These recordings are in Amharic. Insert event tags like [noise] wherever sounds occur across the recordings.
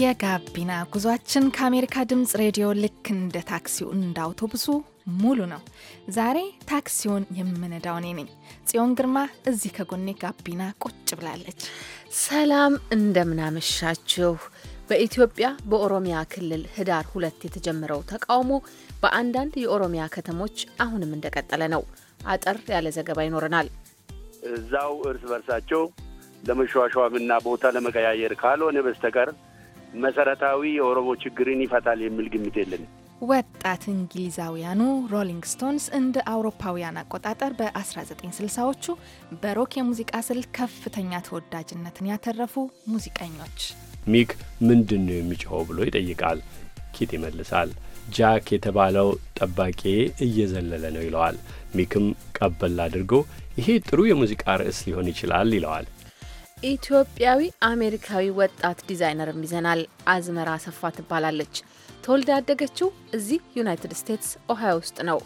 የጋቢና ጉዟችን ከአሜሪካ ድምፅ ሬዲዮ ልክ እንደ ታክሲው እንደ አውቶቡሱ ሙሉ ነው። ዛሬ ታክሲውን የምነዳው እኔ ነኝ ጽዮን ግርማ። እዚህ ከጎኔ ጋቢና ቁጭ ብላለች። ሰላም እንደምናመሻችሁ። በኢትዮጵያ በኦሮሚያ ክልል ህዳር ሁለት የተጀመረው ተቃውሞ በአንዳንድ የኦሮሚያ ከተሞች አሁንም እንደቀጠለ ነው። አጠር ያለ ዘገባ ይኖረናል። እዛው እርስ በርሳቸው ለመሸዋሸዋምና ቦታ ለመቀያየር ካልሆነ በስተቀር መሰረታዊ የኦሮሞ ችግርን ይፈታል የሚል ግምት የለን። ወጣት እንግሊዛውያኑ ሮሊንግ ስቶንስ እንደ አውሮፓውያን አቆጣጠር በ1960ዎቹ በሮክ የሙዚቃ ስል ከፍተኛ ተወዳጅነትን ያተረፉ ሙዚቀኞች። ሚክ ምንድን ነው የሚጮኸው ብሎ ይጠይቃል። ኪት ይመልሳል። ጃክ የተባለው ጠባቂ እየዘለለ ነው ይለዋል። ሚክም ቀበል አድርጎ ይሄ ጥሩ የሙዚቃ ርዕስ ሊሆን ይችላል ይለዋል። ኢትዮጵያዊ አሜሪካዊ ወጣት ዲዛይነርም ይዘናል። አዝመራ አሰፋ ትባላለች። ተወልዳ ያደገችው እዚህ ዩናይትድ ስቴትስ ኦሃዮ ውስጥ ነው።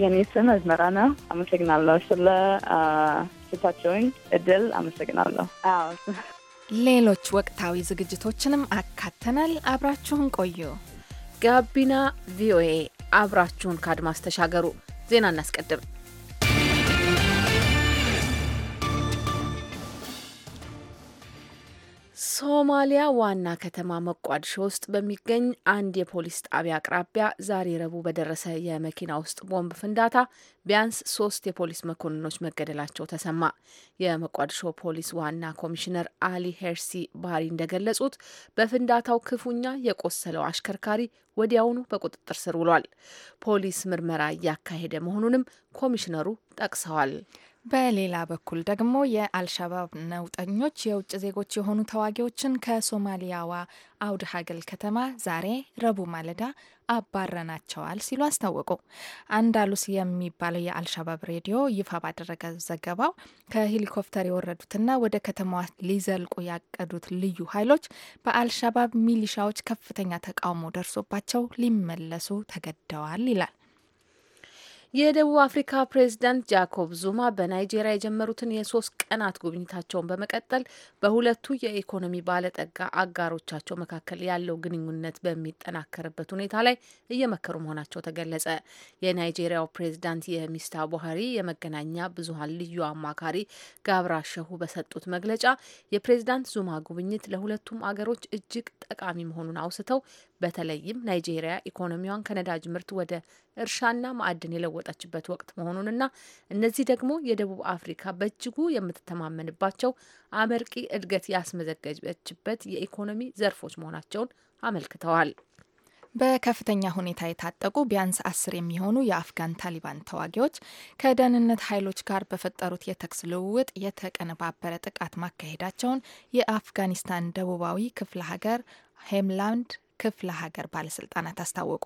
የኔ ስም አዝመራ ነው። አመሰግናለሁ ስለ ስታቸውኝ እድል አመሰግናለሁ። ሌሎች ወቅታዊ ዝግጅቶችንም አካተናል። አብራችሁን ቆዩ። ጋቢና ቪኦኤ አብራችሁን ከአድማስ ተሻገሩ። ዜና እናስቀድም። ሶማሊያ ዋና ከተማ ሞቃዲሾ ውስጥ በሚገኝ አንድ የፖሊስ ጣቢያ አቅራቢያ ዛሬ ረቡዕ በደረሰ የመኪና ውስጥ ቦምብ ፍንዳታ ቢያንስ ሶስት የፖሊስ መኮንኖች መገደላቸው ተሰማ። የሞቃዲሾ ፖሊስ ዋና ኮሚሽነር አሊ ሄርሲ ባህሪ እንደገለጹት በፍንዳታው ክፉኛ የቆሰለው አሽከርካሪ ወዲያውኑ በቁጥጥር ስር ውሏል። ፖሊስ ምርመራ እያካሄደ መሆኑንም ኮሚሽነሩ ጠቅሰዋል። በሌላ በኩል ደግሞ የአልሻባብ ነውጠኞች የውጭ ዜጎች የሆኑ ተዋጊዎችን ከሶማሊያዋ አውድ ሀገል ከተማ ዛሬ ረቡዕ ማለዳ አባረናቸዋል ሲሉ አስታወቁ። አንዳሉስ የሚባለው የአልሻባብ ሬዲዮ ይፋ ባደረገ ዘገባው ከሄሊኮፕተር የወረዱትና ወደ ከተማዋ ሊዘልቁ ያቀዱት ልዩ ኃይሎች በአልሻባብ ሚሊሻዎች ከፍተኛ ተቃውሞ ደርሶባቸው ሊመለሱ ተገደዋል ይላል። የደቡብ አፍሪካ ፕሬዝዳንት ጃኮብ ዙማ በናይጄሪያ የጀመሩትን የሶስት ቀናት ጉብኝታቸውን በመቀጠል በሁለቱ የኢኮኖሚ ባለጠጋ አጋሮቻቸው መካከል ያለው ግንኙነት በሚጠናከርበት ሁኔታ ላይ እየመከሩ መሆናቸው ተገለጸ። የናይጄሪያው ፕሬዝዳንት የሚስታ ቡሃሪ የመገናኛ ብዙሀን ልዩ አማካሪ ጋብራ ሸሁ በሰጡት መግለጫ የፕሬዝዳንት ዙማ ጉብኝት ለሁለቱም አገሮች እጅግ ጠቃሚ መሆኑን አውስተው በተለይም ናይጄሪያ ኢኮኖሚዋን ከነዳጅ ምርት ወደ እርሻና ማዕድን የለወጠችበት ወቅት መሆኑንና እነዚህ ደግሞ የደቡብ አፍሪካ በእጅጉ የምትተማመንባቸው አመርቂ እድገት ያስመዘገበችበት የኢኮኖሚ ዘርፎች መሆናቸውን አመልክተዋል። በከፍተኛ ሁኔታ የታጠቁ ቢያንስ አስር የሚሆኑ የአፍጋን ታሊባን ተዋጊዎች ከደህንነት ኃይሎች ጋር በፈጠሩት የተኩስ ልውውጥ የተቀነባበረ ጥቃት ማካሄዳቸውን የአፍጋኒስታን ደቡባዊ ክፍለ ሀገር ሄምላንድ ክፍለ ሀገር ባለስልጣናት አስታወቁ።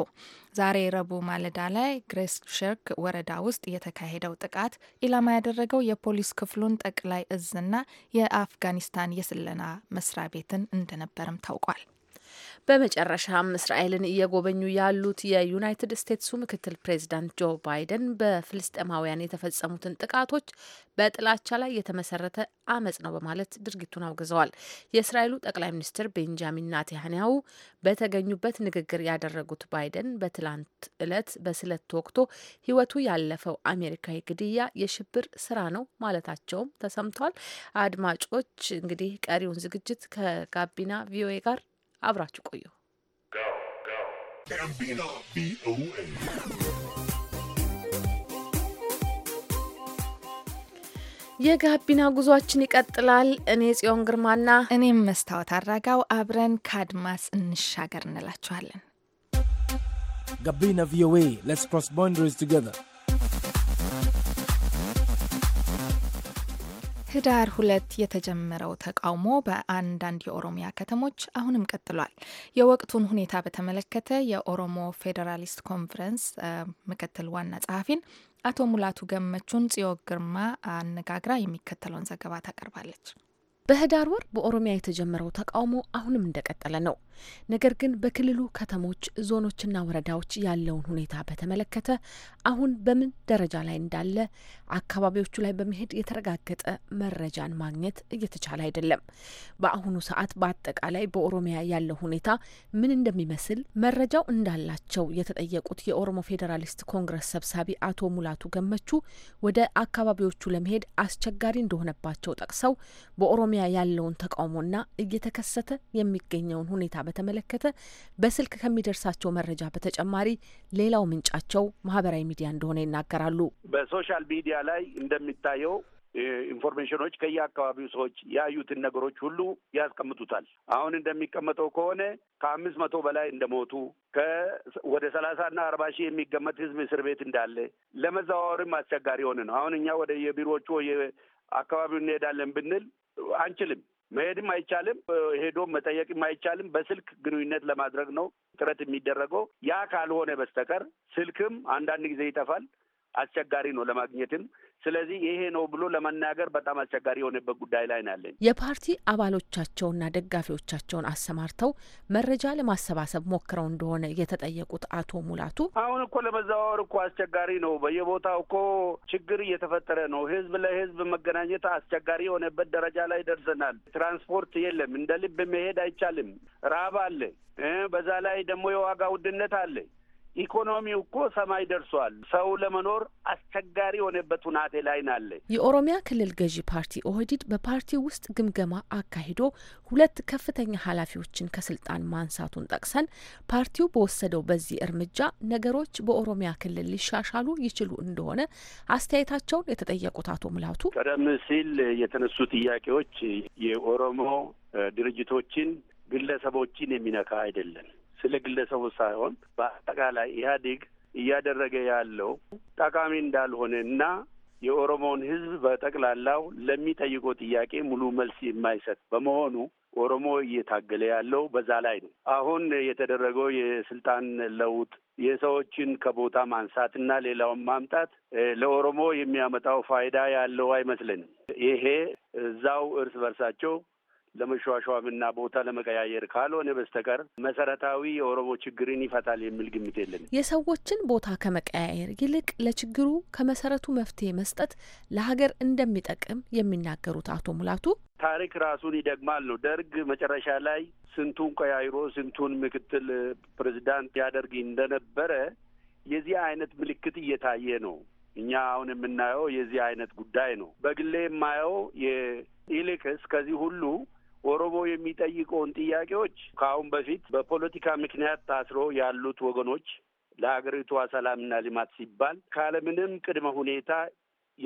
ዛሬ ረቡዕ ማለዳ ላይ ግሬስሸርክ ወረዳ ውስጥ የተካሄደው ጥቃት ኢላማ ያደረገው የፖሊስ ክፍሉን ጠቅላይ እዝና የአፍጋኒስታን የስለላ መስሪያ ቤትን እንደነበርም ታውቋል። በመጨረሻም እስራኤልን እየጎበኙ ያሉት የዩናይትድ ስቴትሱ ምክትል ፕሬዚዳንት ጆ ባይደን በፍልስጤማውያን የተፈጸሙትን ጥቃቶች በጥላቻ ላይ የተመሰረተ አመጽ ነው በማለት ድርጊቱን አውግዘዋል። የእስራኤሉ ጠቅላይ ሚኒስትር ቤንጃሚን ናታንያሁ በተገኙበት ንግግር ያደረጉት ባይደን በትላንት ዕለት በስለት ተወግቶ ሕይወቱ ያለፈው አሜሪካዊ ግድያ የሽብር ስራ ነው ማለታቸውም ተሰምቷል። አድማጮች እንግዲህ ቀሪውን ዝግጅት ከጋቢና ቪኦኤ ጋር አብራችሁ ቆዩ። የጋቢና ጉዟችን ይቀጥላል። እኔ ጽዮን ግርማና እኔም መስታወት አራጋው አብረን ከአድማስ እንሻገር እንላችኋለን። ጋቢና ቪኦኤ ሌትስ ክሮስ ቦንደሪስ ቱጌዘር ህዳር ሁለት የተጀመረው ተቃውሞ በአንዳንድ የኦሮሚያ ከተሞች አሁንም ቀጥሏል። የወቅቱን ሁኔታ በተመለከተ የኦሮሞ ፌዴራሊስት ኮንፈረንስ ምክትል ዋና ጸሐፊን አቶ ሙላቱ ገመቹን ጽዮ ግርማ አነጋግራ የሚከተለውን ዘገባ ታቀርባለች። በህዳር ወር በኦሮሚያ የተጀመረው ተቃውሞ አሁንም እንደቀጠለ ነው። ነገር ግን በክልሉ ከተሞች፣ ዞኖችና ወረዳዎች ያለውን ሁኔታ በተመለከተ አሁን በምን ደረጃ ላይ እንዳለ አካባቢዎቹ ላይ በመሄድ የተረጋገጠ መረጃን ማግኘት እየተቻለ አይደለም። በአሁኑ ሰዓት በአጠቃላይ በኦሮሚያ ያለው ሁኔታ ምን እንደሚመስል መረጃው እንዳላቸው የተጠየቁት የኦሮሞ ፌዴራሊስት ኮንግረስ ሰብሳቢ አቶ ሙላቱ ገመቹ ወደ አካባቢዎቹ ለመሄድ አስቸጋሪ እንደሆነባቸው ጠቅሰው በኦሮሚያ በኦሮሚያ ያለውን ተቃውሞና እየተከሰተ የሚገኘውን ሁኔታ በተመለከተ በስልክ ከሚደርሳቸው መረጃ በተጨማሪ ሌላው ምንጫቸው ማህበራዊ ሚዲያ እንደሆነ ይናገራሉ። በሶሻል ሚዲያ ላይ እንደሚታየው ኢንፎርሜሽኖች ከየአካባቢው ሰዎች ያዩትን ነገሮች ሁሉ ያስቀምጡታል። አሁን እንደሚቀመጠው ከሆነ ከአምስት መቶ በላይ እንደሞቱ ወደ ሰላሳ ና አርባ ሺህ የሚገመት ህዝብ እስር ቤት እንዳለ ለመዘዋወርም አስቸጋሪ የሆነ ነው። አሁን እኛ ወደ የቢሮዎቹ አካባቢው እንሄዳለን ብንል አንችልም። መሄድም አይቻልም። ሄዶ መጠየቅም አይቻልም። በስልክ ግንኙነት ለማድረግ ነው ጥረት የሚደረገው። ያ ካልሆነ በስተቀር ስልክም አንዳንድ ጊዜ ይጠፋል። አስቸጋሪ ነው ለማግኘትም። ስለዚህ ይሄ ነው ብሎ ለመናገር በጣም አስቸጋሪ የሆነበት ጉዳይ ላይ ናለን። የፓርቲ አባሎቻቸውና ደጋፊዎቻቸውን አሰማርተው መረጃ ለማሰባሰብ ሞክረው እንደሆነ የተጠየቁት አቶ ሙላቱ አሁን እኮ ለመዘዋወር እኮ አስቸጋሪ ነው፣ በየቦታው እኮ ችግር እየተፈጠረ ነው። ህዝብ ለህዝብ መገናኘት አስቸጋሪ የሆነበት ደረጃ ላይ ደርሰናል። ትራንስፖርት የለም፣ እንደ ልብ መሄድ አይቻልም። ራብ አለ፣ በዛ ላይ ደግሞ የዋጋ ውድነት አለ። ኢኮኖሚው እኮ ሰማይ ደርሷል። ሰው ለመኖር አስቸጋሪ የሆነበት ሁናቴ ላይ ናለ። የኦሮሚያ ክልል ገዢ ፓርቲ ኦህዲድ በፓርቲው ውስጥ ግምገማ አካሂዶ ሁለት ከፍተኛ ኃላፊዎችን ከስልጣን ማንሳቱን ጠቅሰን ፓርቲው በወሰደው በዚህ እርምጃ ነገሮች በኦሮሚያ ክልል ሊሻሻሉ ይችሉ እንደሆነ አስተያየታቸውን የተጠየቁት አቶ ሙላቱ ቀደም ሲል የተነሱ ጥያቄዎች የኦሮሞ ድርጅቶችን ግለሰቦችን የሚነካ አይደለም ስለ ግለሰቡ ሳይሆን በአጠቃላይ ኢህአዴግ እያደረገ ያለው ጠቃሚ እንዳልሆነ እና የኦሮሞውን ህዝብ በጠቅላላው ለሚጠይቀው ጥያቄ ሙሉ መልስ የማይሰጥ በመሆኑ ኦሮሞ እየታገለ ያለው በዛ ላይ ነው። አሁን የተደረገው የስልጣን ለውጥ የሰዎችን ከቦታ ማንሳትና ሌላውን ማምጣት ለኦሮሞ የሚያመጣው ፋይዳ ያለው አይመስለንም። ይሄ እዛው እርስ በርሳቸው ለመሸዋሸዋምና ቦታ ለመቀያየር ካልሆነ በስተቀር መሰረታዊ የኦሮሞ ችግርን ይፈታል የሚል ግምት የለን። የሰዎችን ቦታ ከመቀያየር ይልቅ ለችግሩ ከመሰረቱ መፍትሄ መስጠት ለሀገር እንደሚጠቅም የሚናገሩት አቶ ሙላቱ ታሪክ ራሱን ይደግማል ነው። ደርግ መጨረሻ ላይ ስንቱን ቀያይሮ ስንቱን ምክትል ፕሬዚዳንት ያደርግ እንደነበረ የዚህ አይነት ምልክት እየታየ ነው። እኛ አሁን የምናየው የዚህ አይነት ጉዳይ ነው። በግሌ የማየው ይልቅስ ከዚህ ሁሉ ኦሮሞ የሚጠይቀውን ጥያቄዎች ከአሁን በፊት በፖለቲካ ምክንያት ታስሮ ያሉት ወገኖች ለሀገሪቷ ሰላምና ልማት ሲባል ካለምንም ቅድመ ሁኔታ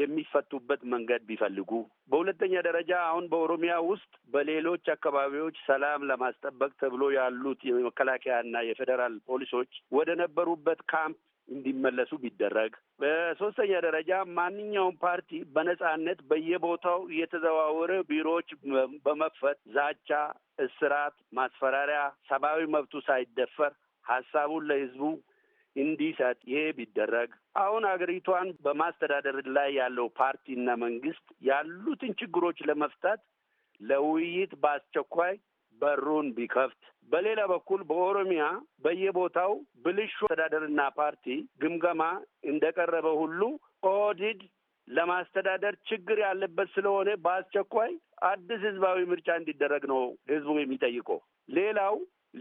የሚፈቱበት መንገድ ቢፈልጉ፣ በሁለተኛ ደረጃ አሁን በኦሮሚያ ውስጥ በሌሎች አካባቢዎች ሰላም ለማስጠበቅ ተብሎ ያሉት የመከላከያና የፌዴራል ፖሊሶች ወደ ነበሩበት ካምፕ እንዲመለሱ ቢደረግ፣ በሶስተኛ ደረጃ ማንኛውም ፓርቲ በነጻነት በየቦታው የተዘዋወረ ቢሮዎች በመክፈት ዛቻ፣ እስራት፣ ማስፈራሪያ፣ ሰብአዊ መብቱ ሳይደፈር ሀሳቡን ለህዝቡ እንዲሰጥ ይሄ ቢደረግ አሁን አገሪቷን በማስተዳደር ላይ ያለው ፓርቲና መንግስት ያሉትን ችግሮች ለመፍታት ለውይይት በአስቸኳይ በሩን ቢከፍት፣ በሌላ በኩል በኦሮሚያ በየቦታው ብልሹ አስተዳደርና ፓርቲ ግምገማ እንደቀረበ ሁሉ ኦህዴድ ለማስተዳደር ችግር ያለበት ስለሆነ በአስቸኳይ አዲስ ህዝባዊ ምርጫ እንዲደረግ ነው ህዝቡ የሚጠይቀው። ሌላው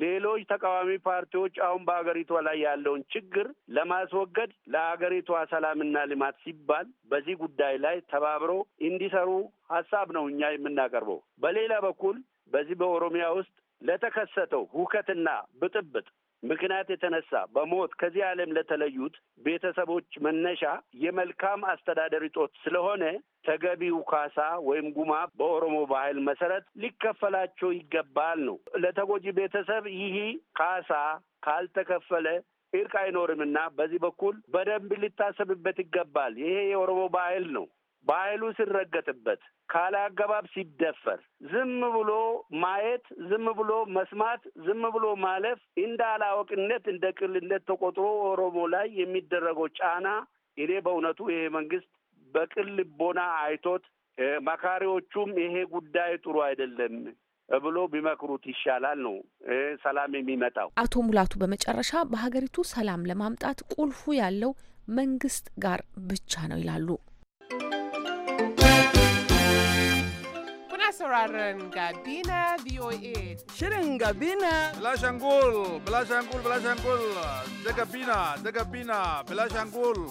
ሌሎች ተቃዋሚ ፓርቲዎች አሁን በአገሪቷ ላይ ያለውን ችግር ለማስወገድ ለአገሪቷ ሰላምና ልማት ሲባል በዚህ ጉዳይ ላይ ተባብሮ እንዲሰሩ ሀሳብ ነው እኛ የምናቀርበው። በሌላ በኩል በዚህ በኦሮሚያ ውስጥ ለተከሰተው ሁከትና ብጥብጥ ምክንያት የተነሳ በሞት ከዚህ ዓለም ለተለዩት ቤተሰቦች መነሻ የመልካም አስተዳደር እጦት ስለሆነ ተገቢው ካሳ ወይም ጉማ በኦሮሞ ባህል መሰረት ሊከፈላቸው ይገባል ነው። ለተጎጂ ቤተሰብ ይህ ካሳ ካልተከፈለ እርቅ አይኖርምና በዚህ በኩል በደንብ ሊታሰብበት ይገባል። ይሄ የኦሮሞ ባህል ነው። በኃይሉ ሲረገጥበት፣ ካለ አገባብ ሲደፈር ዝም ብሎ ማየት፣ ዝም ብሎ መስማት፣ ዝም ብሎ ማለፍ እንደ አላወቅነት እንደ ቅልነት ተቆጥሮ ኦሮሞ ላይ የሚደረገው ጫና እኔ በእውነቱ ይሄ መንግስት በቅል ልቦና አይቶት መካሪዎቹም ይሄ ጉዳይ ጥሩ አይደለም ብሎ ቢመክሩት ይሻላል ነው ሰላም የሚመጣው። አቶ ሙላቱ በመጨረሻ በሀገሪቱ ሰላም ለማምጣት ቁልፉ ያለው መንግስት ጋር ብቻ ነው ይላሉ። sauraron Gabina VOA. Shirin Gabina. Bilashangul, Bilashangul, Bilashangul, da Gabina, da Gabina, Bilashangul.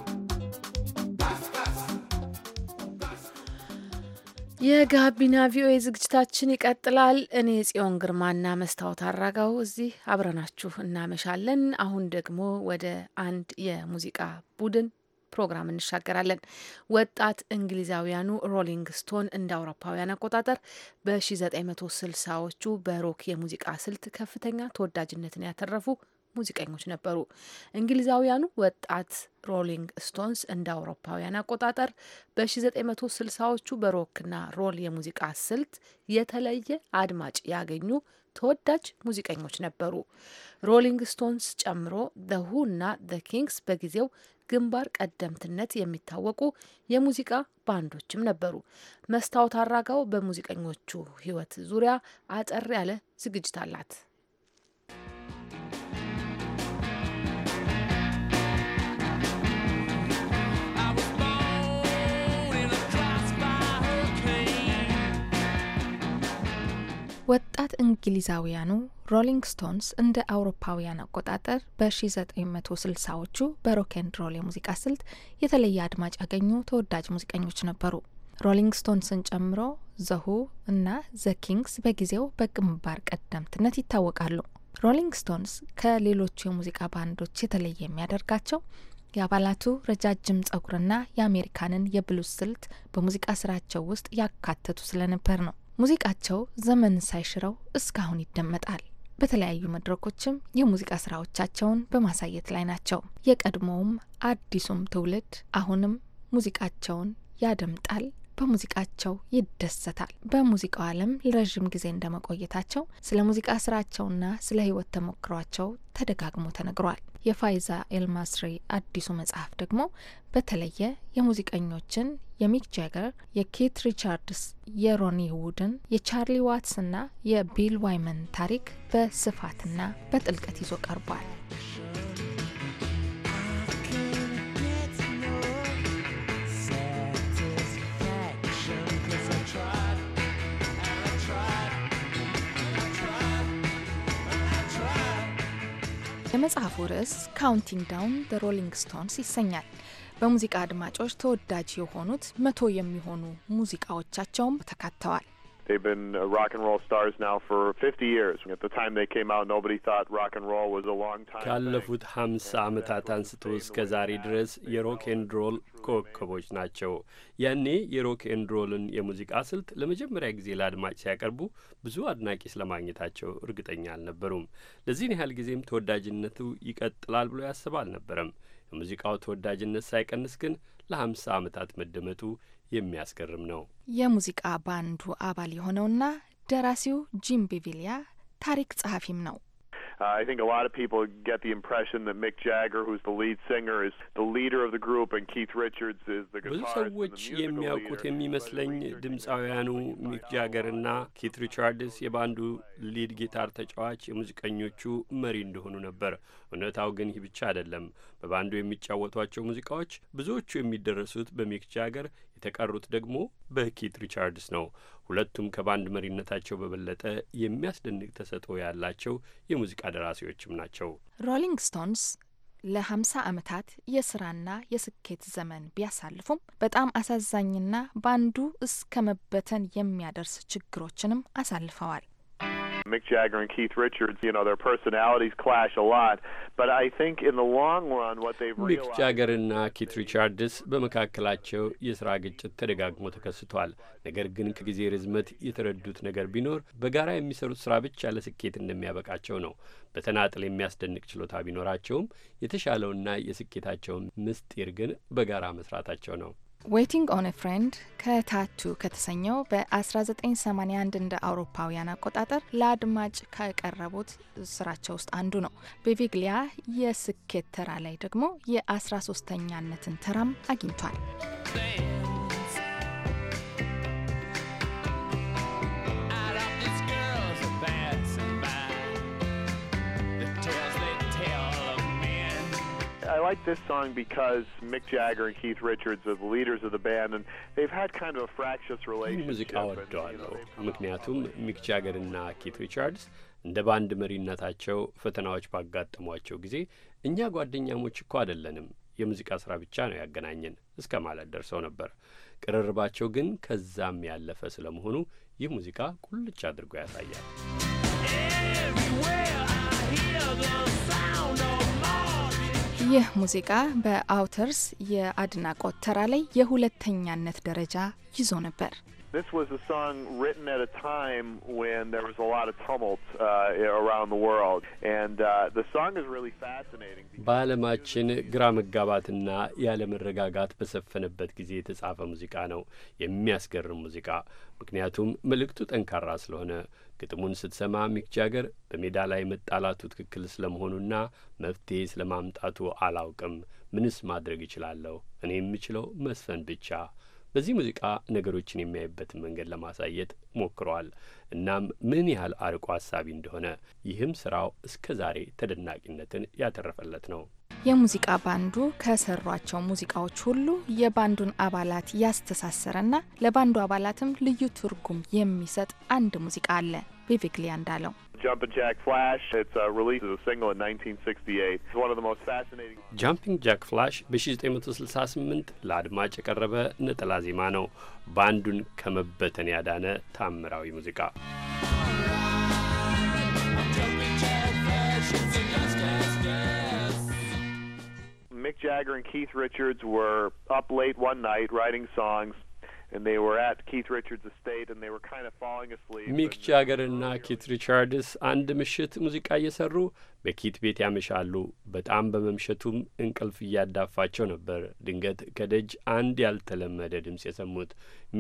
የጋቢና ቪኦኤ ዝግጅታችን ይቀጥላል። እኔ ጽዮን ግርማና መስታወት አራጋው እዚህ አብረናችሁ እናመሻለን። አሁን ደግሞ ወደ አንድ የሙዚቃ ቡድን ፕሮግራም እንሻገራለን። ወጣት እንግሊዛውያኑ ሮሊንግ ስቶን እንደ አውሮፓውያን አቆጣጠር በ1960ዎቹ በሮክ የሙዚቃ ስልት ከፍተኛ ተወዳጅነትን ያተረፉ ሙዚቀኞች ነበሩ። እንግሊዛውያኑ ወጣት ሮሊንግ ስቶንስ እንደ አውሮፓውያን አቆጣጠር በ1960ዎቹ በሮክና ሮል የሙዚቃ ስልት የተለየ አድማጭ ያገኙ ተወዳጅ ሙዚቀኞች ነበሩ። ሮሊንግ ስቶንስ ጨምሮ ደሁ ሁና ደ ኪንግስ በጊዜው ግንባር ቀደምትነት የሚታወቁ የሙዚቃ ባንዶችም ነበሩ። መስታወት አራጋው በሙዚቀኞቹ ሕይወት ዙሪያ አጠር ያለ ዝግጅት አላት። ወጣት እንግሊዛውያኑ ሮሊንግ ስቶንስ እንደ አውሮፓውያን አቆጣጠር በ1960ዎቹ በሮኬን ሮል የሙዚቃ ስልት የተለየ አድማጭ ያገኙ ተወዳጅ ሙዚቀኞች ነበሩ። ሮሊንግ ስቶንስን ጨምሮ ዘሁ እና ዘ ኪንግስ በጊዜው በግንባር ቀደምትነት ይታወቃሉ። ሮሊንግ ስቶንስ ከሌሎቹ የሙዚቃ ባንዶች የተለየ የሚያደርጋቸው የአባላቱ ረጃጅም ጸጉርና የአሜሪካንን የብሉዝ ስልት በሙዚቃ ስራቸው ውስጥ ያካተቱ ስለነበር ነው። ሙዚቃቸው ዘመን ሳይሽረው እስካሁን ይደመጣል። በተለያዩ መድረኮችም የሙዚቃ ስራዎቻቸውን በማሳየት ላይ ናቸው። የቀድሞውም አዲሱም ትውልድ አሁንም ሙዚቃቸውን ያደምጣል፣ በሙዚቃቸው ይደሰታል። በሙዚቃው ዓለም ለረዥም ጊዜ እንደመቆየታቸው ስለ ሙዚቃ ስራቸውና ስለ ህይወት ተሞክሯቸው ተደጋግሞ ተነግሯል። የፋይዛ ኤልማስሬ አዲሱ መጽሐፍ ደግሞ በተለየ የሙዚቀኞችን የሚክ ጃገር፣ የኬት ሪቻርድስ፣ የሮኒ ውድን፣ የቻርሊ ዋትስ እና የቢል ዋይመን ታሪክ በስፋትና በጥልቀት ይዞ ቀርቧል። የመጽሐፉ ርዕስ ካውንቲንግ ዳውን ደ ሮሊንግ ስቶንስ ይሰኛል። በሙዚቃ አድማጮች ተወዳጅ የሆኑት መቶ የሚሆኑ ሙዚቃዎቻቸውም ተካተዋል። They've been uh, rock and roll stars now for 50 years. At the time they came out, nobody thought rock and roll was a long time. ካለፉት 50 ዓመታት uh, አንስቶ እስከ ዛሬ ድረስ የሮክ ኤንድ ሮል ኮከቦች ናቸው። ያኔ የሮክ ኤንድ ሮልን የሙዚቃ ስልት ለመጀመሪያ ጊዜ ለአድማጭ ሲያቀርቡ ብዙ አድናቂ ስለማግኘታቸው እርግጠኛ አልነበሩም። ለዚህን ያህል ጊዜም ተወዳጅነቱ ይቀጥላል ብሎ ያስብ አልነበረም። የሙዚቃው ተወዳጅነት ሳይቀንስ ግን ለ50 ዓመታት መደመጡ የሚያስገርም ነው። የሙዚቃ ባንዱ አባል የሆነውና ደራሲው ጂም ቤቪሊያ ታሪክ ጸሐፊም ነው። I think a lot of people get the impression that Mick Jagger, who's the lead singer, is the leader of the group, and Keith Richards is the guitarist and the musical የሚያውቁት የሚመስለኝ ድምፃውያኑ ሚክ ጃገርና ኪት ሪቻርድስ የባንዱ ሊድ ጊታር ተጫዋች የሙዚቀኞቹ መሪ እንደሆኑ ነበር። እውነታው ግን ይህ ብቻ አይደለም። በባንዱ የሚጫወቷቸው ሙዚቃዎች ብዙዎቹ የሚደረሱት በሚክ ጃገር የተቀሩት ደግሞ በኪት ሪቻርድስ ነው። ሁለቱም ከባንድ መሪነታቸው በበለጠ የሚያስደንቅ ተሰጥኦ ያላቸው የሙዚቃ ደራሲዎችም ናቸው። ሮሊንግ ስቶንስ ለ50 ዓመታት የስራና የስኬት ዘመን ቢያሳልፉም በጣም አሳዛኝና ባንዱ እስከ መበተን የሚያደርስ ችግሮችንም አሳልፈዋል። Mick Jagger and Keith Richards, you know, their personalities clash a lot. But I think in the long run what they've realized ሚክ ጃገርና ኪት ሪቻርድስ በመካከላቸው የስራ ግጭት ተደጋግሞ ተከስቷል። ነገር ግን ከጊዜ ርዝመት የተረዱት ነገር ቢኖር በጋራ የሚሰሩት ስራ ብቻ ለስኬት እንደሚያበቃቸው ነው። በተናጥል የሚያስደንቅ ችሎታ ቢኖራቸውም የተሻለውና የስኬታቸውን ምስጢር ግን በጋራ መስራታቸው ነው። ዌቲንግ ኦን ፍሬንድ ከታቱ ከተሰኘው በ1981 እንደ አውሮፓውያን አቆጣጠር ለአድማጭ ከቀረቡት ስራቸው ውስጥ አንዱ ነው። በቪግሊያ የስኬት ተራ ላይ ደግሞ የ13ተኛነትን ተራም አግኝቷል። like this song because Mick Jagger and Keith Richards are the leaders of the band, and they've had kind of a fractious relationship. ሙዚቃ ወደዋለሁ፣ ምክንያቱም ሚክ ጃገርና ኬት ሪቻርድስ እንደ ባንድ መሪነታቸው ፈተናዎች ባጋጠሟቸው ጊዜ እኛ ጓደኛሞች እኮ አይደለንም፣ የሙዚቃ ስራ ብቻ ነው ያገናኘን እስከ ማለት ደርሰው ነበር። ቅርርባቸው ግን ከዛም ያለፈ ስለመሆኑ ይህ ሙዚቃ ቁልጭ አድርጎ ያሳያል። ይህ ሙዚቃ በአውተርስ የአድናቆት ተራ ላይ የሁለተኛነት ደረጃ ይዞ ነበር። this was a song written at a time when there was a lot of tumult uh, around the world, and uh, the song is really fascinating. በዓለማችን ግራ መጋባትና ያለመረጋጋት በሰፈነበት ጊዜ የተጻፈ ሙዚቃ ነው። የሚያስገርም ሙዚቃ፣ ምክንያቱም መልእክቱ ጠንካራ ስለሆነ ግጥሙን ስትሰማ ሚክ ጃገር በሜዳ ላይ መጣላቱ ትክክል ስለመሆኑና መፍትሄ ስለማምጣቱ አላውቅም፣ ምንስ ማድረግ እችላለሁ? እኔ የምችለው መስፈን ብቻ በዚህ ሙዚቃ ነገሮችን የሚያይበትን መንገድ ለማሳየት ሞክሯል። እናም ምን ያህል አርቆ ሀሳቢ እንደሆነ ይህም ስራው እስከ ዛሬ ተደናቂነትን ያተረፈለት ነው። የሙዚቃ ባንዱ ከሰሯቸው ሙዚቃዎች ሁሉ የባንዱን አባላት ያስተሳሰረና ለባንዱ አባላትም ልዩ ትርጉም የሚሰጥ አንድ ሙዚቃ አለ። Jumping Jack Flash, it's uh, released as a single in 1968. It's one of the most fascinating... Jumping Jack Flash በሺህ ዘጠኝ መቶ ስልሳ ስምንት ለአድማጭ የቀረበ ነጠላ ዜማ ነው። ባንዱን ከመበተን ያዳነ ታምራዊ ሙዚቃ Mick Jagger and Keith Richards were up late one night writing songs ሚክ ጃገርና ኪት ሪቻርድስ አንድ ምሽት ሙዚቃ እየሰሩ በኪት ቤት ያመሻሉ። በጣም በመምሸቱም እንቅልፍ እያዳፋቸው ነበር። ድንገት ከደጅ አንድ ያልተለመደ ድምፅ የሰሙት።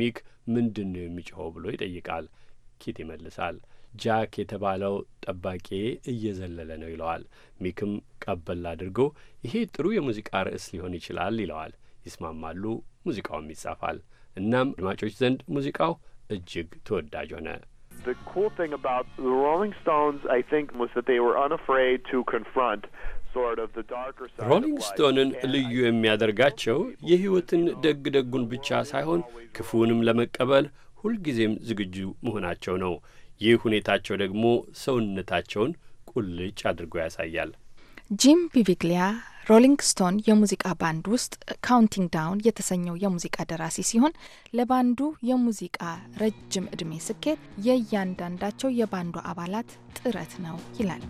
ሚክ ምንድን ነው የሚጮኸው ብሎ ይጠይቃል። ኪት ይመልሳል። ጃክ የተባለው ጠባቂ እየዘለለ ነው ይለዋል። ሚክም ቀበል አድርጎ ይሄ ጥሩ የሙዚቃ ርዕስ ሊሆን ይችላል ይለዋል። ይስማማሉ። ሙዚቃውም ይጻፋል። እናም አድማጮች ዘንድ ሙዚቃው እጅግ ተወዳጅ ሆነ። The cool thing about the Rolling Stones, I think, was that they were unafraid to confront ሮሊንግ ስቶንን ልዩ የሚያደርጋቸው የሕይወትን ደግ ደጉን ብቻ ሳይሆን ክፉውንም ለመቀበል ሁልጊዜም ዝግጁ መሆናቸው ነው። ይህ ሁኔታቸው ደግሞ ሰውነታቸውን ቁልጭ አድርጎ ያሳያል። ጂም ቢቪግሊያ ሮሊንግ ስቶን የሙዚቃ ባንድ ውስጥ ካውንቲንግ ዳውን የተሰኘው የሙዚቃ ደራሲ ሲሆን ለባንዱ የሙዚቃ ረጅም ዕድሜ ስኬት የእያንዳንዳቸው የባንዱ አባላት ጥረት ነው ይላል።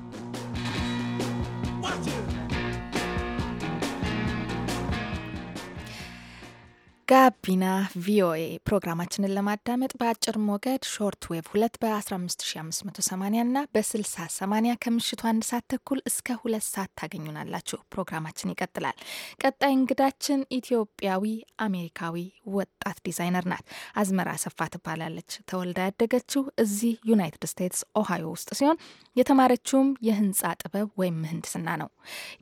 ጋቢና ቪኦኤ ፕሮግራማችንን ለማዳመጥ በአጭር ሞገድ ሾርት ዌቭ 2 በ15580 እና በ6080 ከምሽቱ አንድ ሰዓት ተኩል እስከ ሁለት ሰዓት ታገኙናላችሁ። ፕሮግራማችን ይቀጥላል። ቀጣይ እንግዳችን ኢትዮጵያዊ አሜሪካዊ ወጣት ዲዛይነር ናት። አዝመራ አሰፋ ትባላለች። ተወልዳ ያደገችው እዚህ ዩናይትድ ስቴትስ ኦሃዮ ውስጥ ሲሆን የተማረችውም የህንፃ ጥበብ ወይም ምህንድስና ነው።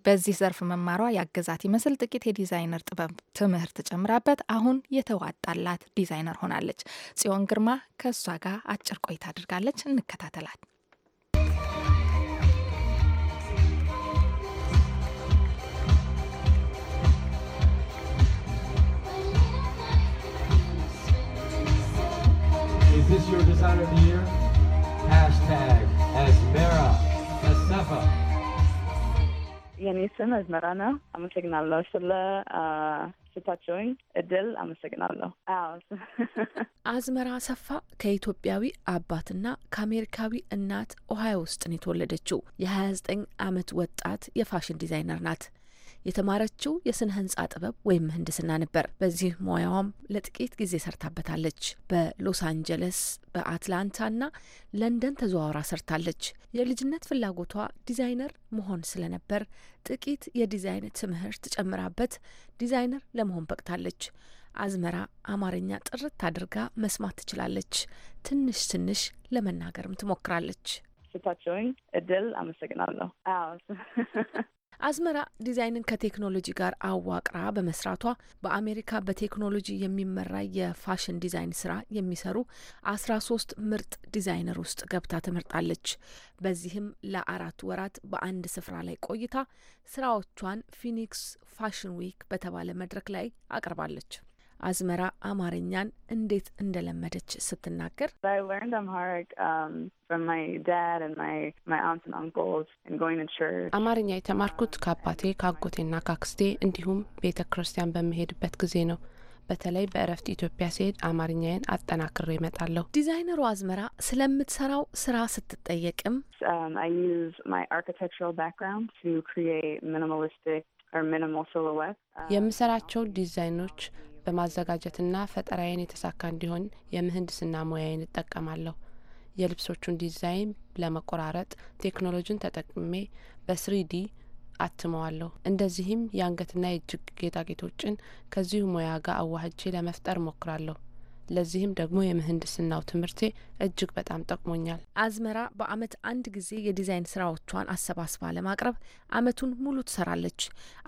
በዚህ ዘርፍ መማሯ ያገዛት ይመስል ጥቂት የዲዛይነር ጥበብ ትምህርት ጨምራበት አሁን የተዋጣላት ዲዛይነር ሆናለች። ጽዮን ግርማ ከእሷ ጋር አጭር ቆይታ አድርጋለች። እንከታተላት። Is this your designer of the year? Hashtag Esmera Asefa. የኔ ስም ነው። አመሰግናለሁ ስለ ስታቸውኝ እድል አመሰግናለሁ። [laughs] አዝመራ አሰፋ ከኢትዮጵያዊ አባትና ከአሜሪካዊ እናት ኦሃዮ ውስጥ ነው የተወለደችው። የ29 ዓመት ወጣት የፋሽን ዲዛይነር ናት። የተማረችው የስነ ህንጻ ጥበብ ወይም ምህንድስና ነበር። በዚህ ሙያዋም ለጥቂት ጊዜ ሰርታበታለች። በሎስ አንጀለስ እና ለንደን ተዘዋውራ ሰርታለች። የልጅነት ፍላጎቷ ዲዛይነር መሆን ስለነበር ጥቂት የዲዛይን ትምህርት ጨምራበት ዲዛይነር ለመሆን በቅታለች። አዝመራ አማርኛ ጥርት አድርጋ መስማት ትችላለች። ትንሽ ትንሽ ለመናገርም ትሞክራለች። ስታቸውኝ እድል አመሰግናለሁ። አዝመራ ዲዛይንን ከቴክኖሎጂ ጋር አዋቅራ በመስራቷ በአሜሪካ በቴክኖሎጂ የሚመራ የፋሽን ዲዛይን ስራ የሚሰሩ አስራ ሶስት ምርጥ ዲዛይነር ውስጥ ገብታ ትመርጣለች። በዚህም ለአራት ወራት በአንድ ስፍራ ላይ ቆይታ ስራዎቿን ፊኒክስ ፋሽን ዊክ በተባለ መድረክ ላይ አቅርባለች። አዝመራ አማርኛን እንዴት እንደለመደች ስትናገር um, አማርኛ የተማርኩት ከአባቴ ከአጎቴና ካክስቴ እንዲሁም ቤተ ክርስቲያን በምሄድበት ጊዜ ነው። በተለይ በእረፍት ኢትዮጵያ ሲሄድ አማርኛዬን አጠናክሬ እመጣለሁ። ዲዛይነሩ አዝመራ ስለምትሰራው ስራ ስትጠየቅም um, um, የምሰራቸው ዲዛይኖች በማዘጋጀትና ፈጠራዬን የተሳካ እንዲሆን የምህንድስና ሙያዬን እጠቀማለሁ። የልብሶቹን ዲዛይን ለመቆራረጥ ቴክኖሎጂን ተጠቅሜ በስሪዲ አትመዋለሁ። እንደዚህም የአንገትና የእጅግ ጌጣጌጦችን ከዚሁ ሙያ ጋር አዋህቼ ለመፍጠር ሞክራለሁ። ለዚህም ደግሞ የምህንድስናው ትምህርቴ እጅግ በጣም ጠቅሞኛል። አዝመራ በአመት አንድ ጊዜ የዲዛይን ስራዎቿን አሰባስባ ለማቅረብ አመቱን ሙሉ ትሰራለች።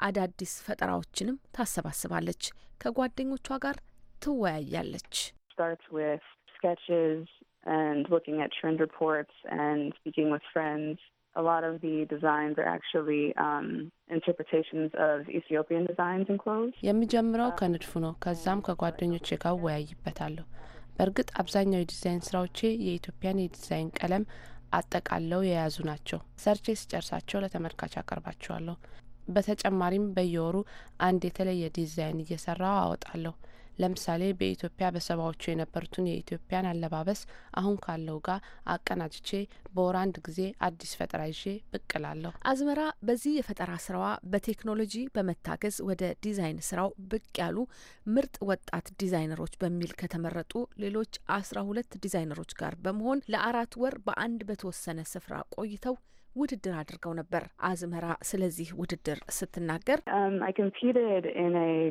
አዳዲስ ፈጠራዎችንም ታሰባስባለች። ከጓደኞቿ ጋር ትወያያለች። a lot of the designs are actually um, interpretations of Ethiopian designs and clothes. የሚጀምረው um, ከንድፉ ነው። ከዛም ከጓደኞቼ ጋር ወያይበታለሁ። በእርግጥ አብዛኛው የዲዛይን ስራዎቼ የኢትዮጵያን የዲዛይን ቀለም አጠቃለው የያዙ ናቸው። ሰርቼ ስጨርሳቸው ለተመልካች አቀርባቸዋለሁ። በተጨማሪም በየወሩ አንድ የተለየ ዲዛይን እየሰራው አወጣለሁ። ለምሳሌ በኢትዮጵያ በሰባዎቹ የነበሩትን የኢትዮጵያን አለባበስ አሁን ካለው ጋር አቀናጅቼ በወር አንድ ጊዜ አዲስ ፈጠራ ይዤ ብቅ ላለሁ። አዝመራ በዚህ የፈጠራ ስራዋ በቴክኖሎጂ በመታገዝ ወደ ዲዛይን ስራው ብቅ ያሉ ምርጥ ወጣት ዲዛይነሮች በሚል ከተመረጡ ሌሎች አስራ ሁለት ዲዛይነሮች ጋር በመሆን ለአራት ወር በአንድ በተወሰነ ስፍራ ቆይተው ውድድር አድርገው ነበር። አዝመራ ስለዚህ ውድድር ስትናገር um, uh,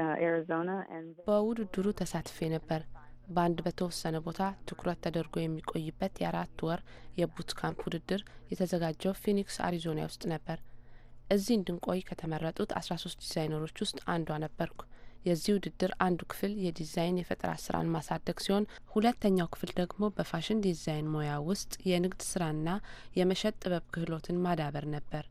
uh, በውድድሩ ተሳትፌ ነበር። በአንድ በተወሰነ ቦታ ትኩረት ተደርጎ የሚቆይበት የአራት ወር የቡት ካምፕ ውድድር የተዘጋጀው ፊኒክስ አሪዞና ውስጥ ነበር። እዚህ እንድንቆይ ከተመረጡት አስራ ሶስት ዲዛይነሮች ውስጥ አንዷ ነበርኩ። የዚህ ውድድር አንዱ ክፍል የዲዛይን የፈጠራ ስራን ማሳደግ ሲሆን ሁለተኛው ክፍል ደግሞ በፋሽን ዲዛይን ሙያ ውስጥ የንግድ ስራና የመሸጥ ጥበብ ክህሎትን ማዳበር ነበር።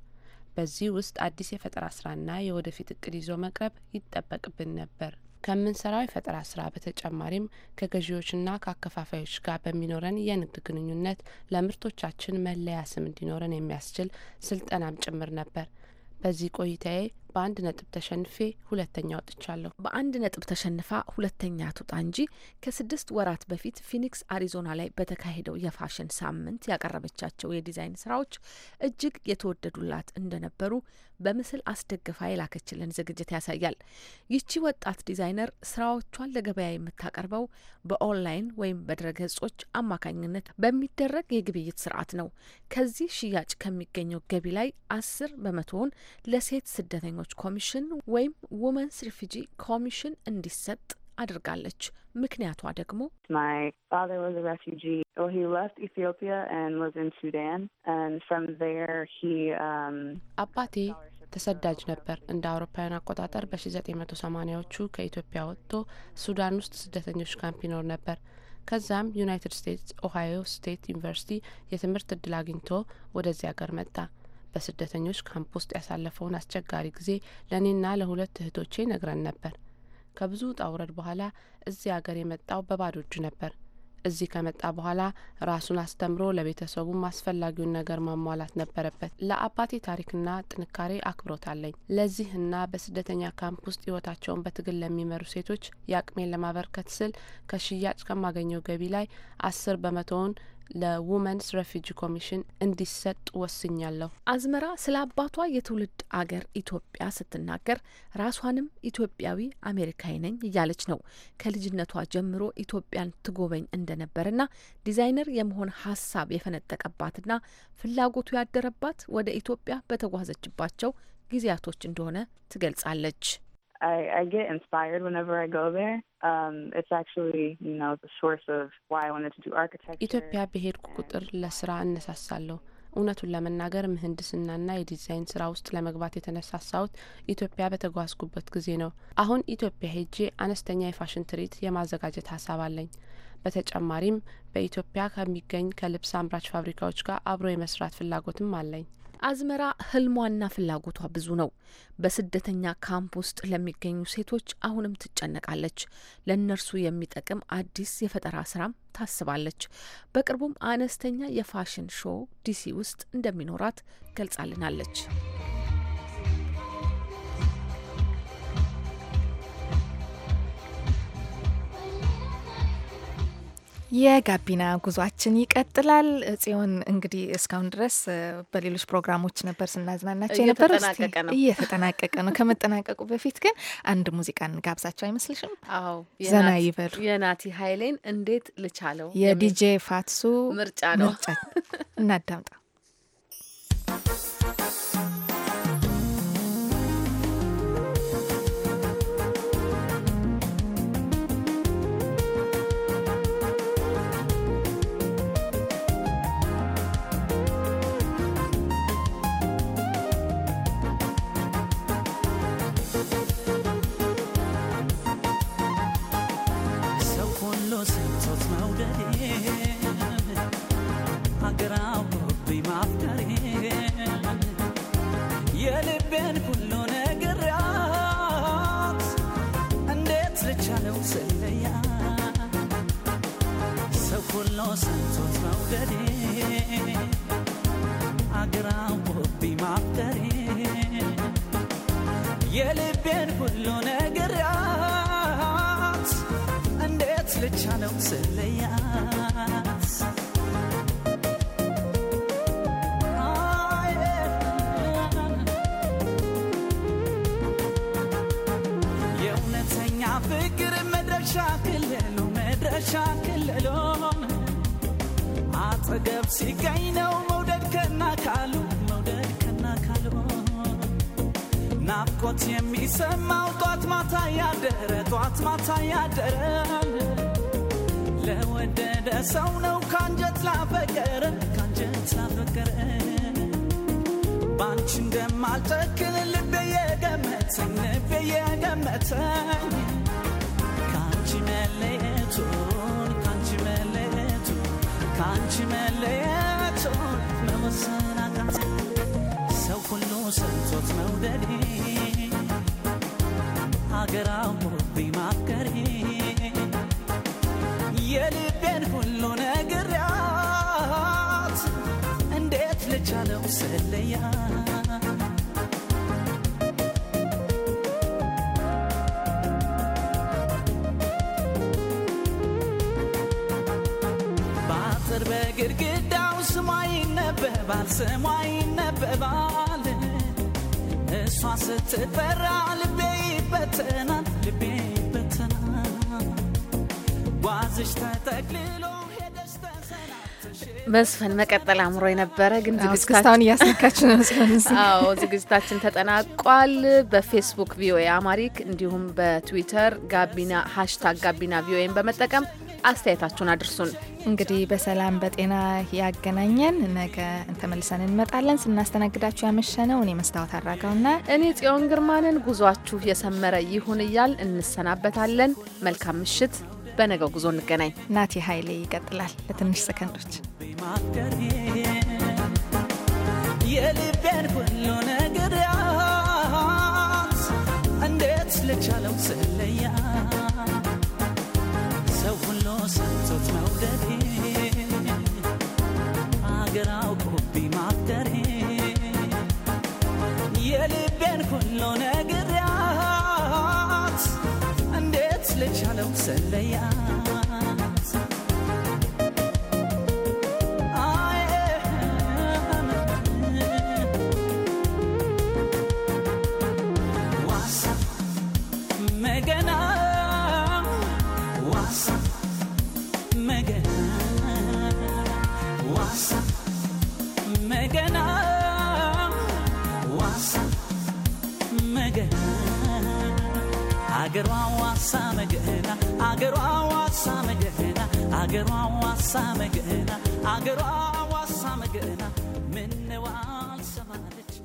በዚህ ውስጥ አዲስ የፈጠራ ስራና የወደፊት እቅድ ይዞ መቅረብ ይጠበቅብን ነበር። ከምንሰራው የፈጠራ ስራ በተጨማሪም ከገዢዎችና ከአከፋፋዮች ጋር በሚኖረን የንግድ ግንኙነት ለምርቶቻችን መለያ ስም እንዲኖረን የሚያስችል ስልጠናም ጭምር ነበር። በዚህ ቆይታዬ በአንድ ነጥብ ተሸንፌ ሁለተኛ ወጥቻለሁ። በአንድ ነጥብ ተሸንፋ ሁለተኛ ትውጣ እንጂ ከስድስት ወራት በፊት ፊኒክስ አሪዞና ላይ በተካሄደው የፋሽን ሳምንት ያቀረበቻቸው የዲዛይን ስራዎች እጅግ የተወደዱላት እንደነበሩ በምስል አስደግፋ የላከችልን ዝግጅት ያሳያል። ይቺ ወጣት ዲዛይነር ስራዎቿን ለገበያ የምታቀርበው በኦንላይን ወይም በድረገጾች አማካኝነት በሚደረግ የግብይት ስርዓት ነው። ከዚህ ሽያጭ ከሚገኘው ገቢ ላይ አስር በመቶውን ለሴት ስደተኞች የወገኖች ኮሚሽን ወይም ውመንስ ሪፊጂ ኮሚሽን እንዲሰጥ አድርጋለች። ምክንያቷ ደግሞ um, አባቴ ተሰዳጅ ነበር። እንደ አውሮፓውያን አቆጣጠር በ1980ዎቹ ከኢትዮጵያ ወጥቶ ሱዳን ውስጥ ስደተኞች ካምፕ ይኖር ነበር። ከዛም ዩናይትድ ስቴትስ ኦሃዮ ስቴት ዩኒቨርሲቲ የትምህርት እድል አግኝቶ ወደዚህ ሀገር መጣ። በስደተኞች ካምፕ ውስጥ ያሳለፈውን አስቸጋሪ ጊዜ ለእኔና ለሁለት እህቶቼ ነግረን ነበር። ከብዙ ጣውረድ በኋላ እዚህ አገር የመጣው በባዶ እጁ ነበር። እዚህ ከመጣ በኋላ ራሱን አስተምሮ ለቤተሰቡም አስፈላጊውን ነገር ማሟላት ነበረበት። ለአባቴ ታሪክና ጥንካሬ አክብሮት አለኝ። ለዚህና በስደተኛ ካምፕ ውስጥ ህይወታቸውን በትግል ለሚመሩ ሴቶች የአቅሜን ለማበርከት ስል ከሽያጭ ከማገኘው ገቢ ላይ አስር በመቶውን ለውመንስ ሬፊጂ ኮሚሽን እንዲሰጥ ወስኛለሁ። አዝመራ ስለ አባቷ የትውልድ አገር ኢትዮጵያ ስትናገር ራሷንም ኢትዮጵያዊ አሜሪካዊ ነኝ እያለች ነው። ከልጅነቷ ጀምሮ ኢትዮጵያን ትጎበኝ እንደነበርና ዲዛይነር የመሆን ሀሳብ የፈነጠቀባትና ፍላጎቱ ያደረባት ወደ ኢትዮጵያ በተጓዘችባቸው ጊዜያቶች እንደሆነ ትገልጻለች። I, I get inspired whenever I go there. Um, it's actually, you know, the source of why I wanted to do architecture. ኢትዮጵያ በሄድኩ ቁጥር ለስራ እነሳሳለሁ። እውነቱን ለመናገር ምህንድስናና የዲዛይን ስራ ውስጥ ለመግባት የተነሳሳሁት ኢትዮጵያ በተጓዝኩበት ጊዜ ነው። አሁን ኢትዮጵያ ሄጄ አነስተኛ የፋሽን ትርኢት የማዘጋጀት ሀሳብ አለኝ። በተጨማሪም በኢትዮጵያ ከሚገኝ ከልብስ አምራች ፋብሪካዎች ጋር አብሮ የመስራት ፍላጎትም አለኝ። አዝመራ ህልሟና ፍላጎቷ ብዙ ነው። በስደተኛ ካምፕ ውስጥ ለሚገኙ ሴቶች አሁንም ትጨነቃለች። ለእነርሱ የሚጠቅም አዲስ የፈጠራ ስራም ታስባለች። በቅርቡም አነስተኛ የፋሽን ሾው ዲሲ ውስጥ እንደሚኖራት ገልጻልናለች። የጋቢና ጉዟችን ይቀጥላል። ጽዮን እንግዲህ እስካሁን ድረስ በሌሎች ፕሮግራሞች ነበር ስናዝናናቸው የነበረ እየተጠናቀቀ ነው። ከመጠናቀቁ በፊት ግን አንድ ሙዚቃን እንጋብዛቸው አይመስልሽም? አዎ፣ ዘና ይበሉ። የናቲ ኃይሌን እንዴት ልቻለው የዲጄ ፋትሱ ምርጫ ነው። እናዳምጣ ማሰብ ሲገኝ ነው መውደድ ከና ካሉ መውደድ ከና ካሉ ናፍቆት የሚሰማው ጧት ማታ ያደረ ጧት ማታ ያደረ ለወደደ ሰው ነው ካንጀት ላፈቀረ ካንጀት ላፈቀረ ባንቺ እንደማልጨክን ልቤ የገመተን ልቤ የገመተን ካንቺ መለየቱ ከአንቺ መለየቱን መወሰን አቃት ሰው ሁሉ ሰንቶት መውደዴ ሀገር አሞብኝ ማፍቀሬ የልቤን ሁሉ ነግሪያት እንዴት ልቻለው ስለያት አጥር በግድግዳው ስሟ ይነበባል ስሟ ይነበባል። እሷ ልቤ ይበተናል ልቤ ይበተናል። ጓዝሽ ተጠቅልሎ መቀጠል አእምሮ የነበረ ግን ዝግጅታችን እያስነካች ነው። ዝግጅታችን ተጠናቋል። በፌስቡክ ቪኦኤ አማሪክ እንዲሁም በትዊተር ጋቢና ሀሽታግ ጋቢና ቪኦኤን በመጠቀም አስተያየታችሁን አድርሱን። እንግዲህ በሰላም በጤና ያገናኘን። ነገ ተመልሰን እንመጣለን። ስናስተናግዳችሁ ያመሸነው እኔ መስታወት አራጋውና እኔ ጽዮን ግርማንን ጉዟችሁ የሰመረ ይሁን እያል እንሰናበታለን። መልካም ምሽት። በነገው ጉዞ እንገናኝ። ናቲ ኃይሌ ይቀጥላል ለትንሽ ሰከንዶች የልቤን ሁሉ ነገር እንዴት ስለቻለው ስለያ ሰምቶት መውደዴ አገር አውቆብኝ ማፍቀሬ የልቤን ሁሉ ነግሪያት እንዴት ልቻለው ሰለያት አገሯ ዋሳ መገና አገሯ ዋሳ መገና አገሯ ዋሳ መገና አገሯ